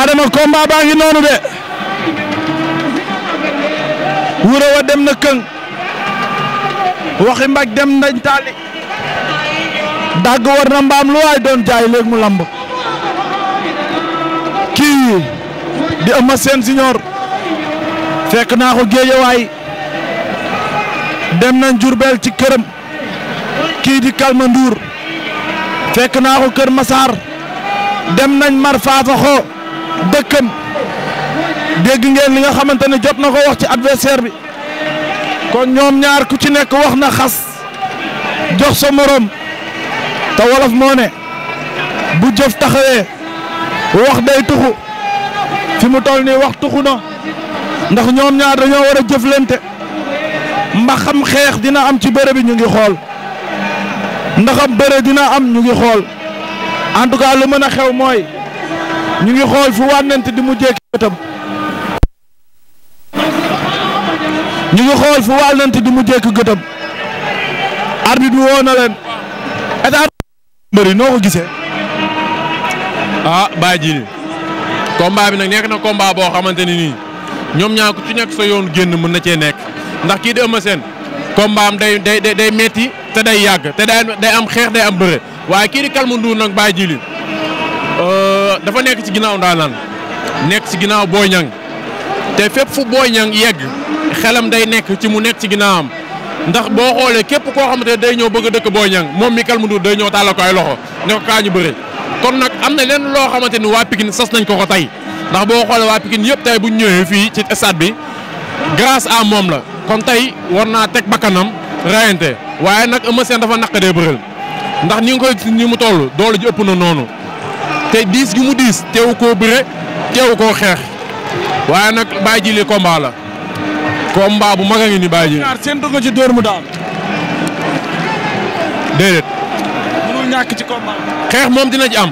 Adama combat baa de wuro wa dem na këng waxi mbaj dem nañ taali dagg war na mbaam lu waay doon jaay léegi mu lamb kii di Eumeu Sène Junior fekk naa ko géejawaay dem nañ Jurbel ci këram kii di Kalma Ndour fekk naa ko Kër Massar dem nañ Mar Fafaxo dëkkam dégg ngeen li nga xamante ne jot na ko wax ci adversaire bi kon ñoom ñaar ku ci nekk wax na xas jox sa morom te wolof moo ne bu jëf taxawee wax day tuxu fi mu toll nii wax tuxu na ndax ñoom ñaar dañoo war a jëflante mbaxam xeex dina am ci bëre bi ñu ngi xool ndaxam bëre dina am ñu ngi xool en tout cas lu mën a xew mooy. ñu ngi xool fu wànnante di mujjee ki bëtam ñu ngi xool fu di mujjee ki gëtam arbitre bi woo na leen état mbëri noo ko gisee ah bàyyi ji combat bi nag nekk na kombaa boo xamante ni nii ñoom ñaa ku ci nekk sa yoon génn mën na cee nekk ndax kii di Eumeu Sène combat am day day day metti te day yàgg te day day am xeex day am bëre waaye kii di Kalmu Ndour nag bàyyi dafa nekk ci ginnaaw ndaanaan nekk ci ginnaaw Boy Niang te fépp fu Boy Niang yegg xelam day nekk ci mu nekk ci ginnaawam ndax boo xoolee képp koo xamante ne day ñëw bëgg a dëkk Boy Niang moom mi kalmu du day ñëw tàllal ko ay loxo ne kaa ñu bëre kon nag am na leen loo xamante ni waa Pikine sas nañ ko ko tey ndax boo xoolee waa Pikine yëpp tey bu ñu ñëwee fii ci stade bi grâce à moom la kon tey war naa teg bakkanam rayante waaye nag Eumeu seen dafa naqadee bëreel ndax ni nga koy ni mu toll doole ji na noonu te diis gi mu diis teew koo bëre teew koo xeex waaye nag Baye Djily combat la combat bu mag a ngi ni Baye Djily. seen dugg ci dóor mu daal. déedéet. mënul ci combat xeex moom dina ci am.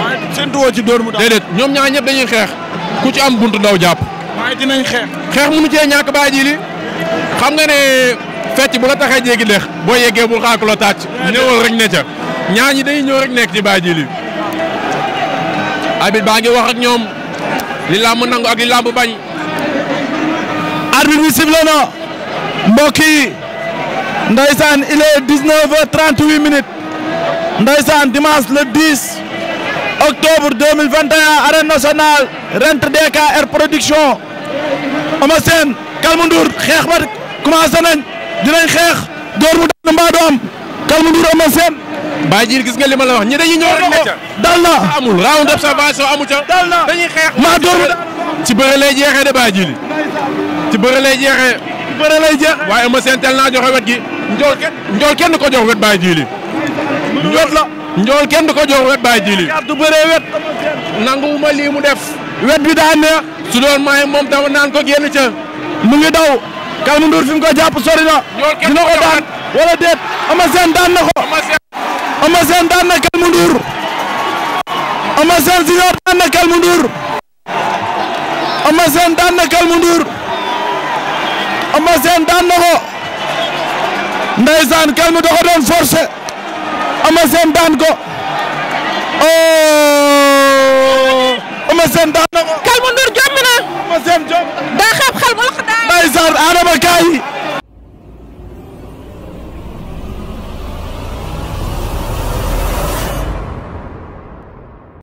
waaye seen ci dóor mu daal. ñoom ñaar ñëpp dañuy xeex ku ci am bunt daw jàpp. waaye dinañ xeex. xeex mënu cee ñàkk Baye Djily xam nga ne fecc bu la taxee jéggi dex boo yeggee bul xaar ku la tàcc. ñëwal rek ne ca ñaar ñi dañuy ñëw rek nekk ci Baye Djily arbitre baa ngi wax ak ñoom li làmb nangu ak li làmb bañ. arbitre bi sifflé na mbokk yi ndaysaan il est 19 heures 38 minutes ndaysaan dimanche le 10 octobre 2021 arène nationale rent DKR production Eumeu Sène Kalmu xeex ba commencé nañ dinañ xeex door mu daan mbaa du am Kalmu Ndour Baye Djil gis nga li ma la wax ñi a ñëw rek ne ca dal na amul round d'observation amu ca dal na dañuy xeex maa dóor ci bëre lay jeexee de Baye Djil ci bëre lay waaye ma seen tel naa joxe wet gi njool kenn njool kenn ko jox wet Baye Djil wet la njool kenn ko jox wet Baye Djil du bëree wet nanguwuma lii mu def wet bi daa neex su doon maay moom tam naan ko génn ca mu ngi daw Kalmu Ndour fi mu ko jàpp sori na dina ko daan Eumeu Sène daan na Calme Ndour Eumeu Sène Junior daan na Calme Ndour Eumeu Sène daan na Calme Ndour Eumeu Sène daan na ko ndeysaan Calme da doon forcer Eumeu Sène daan ko oh Eumeu daan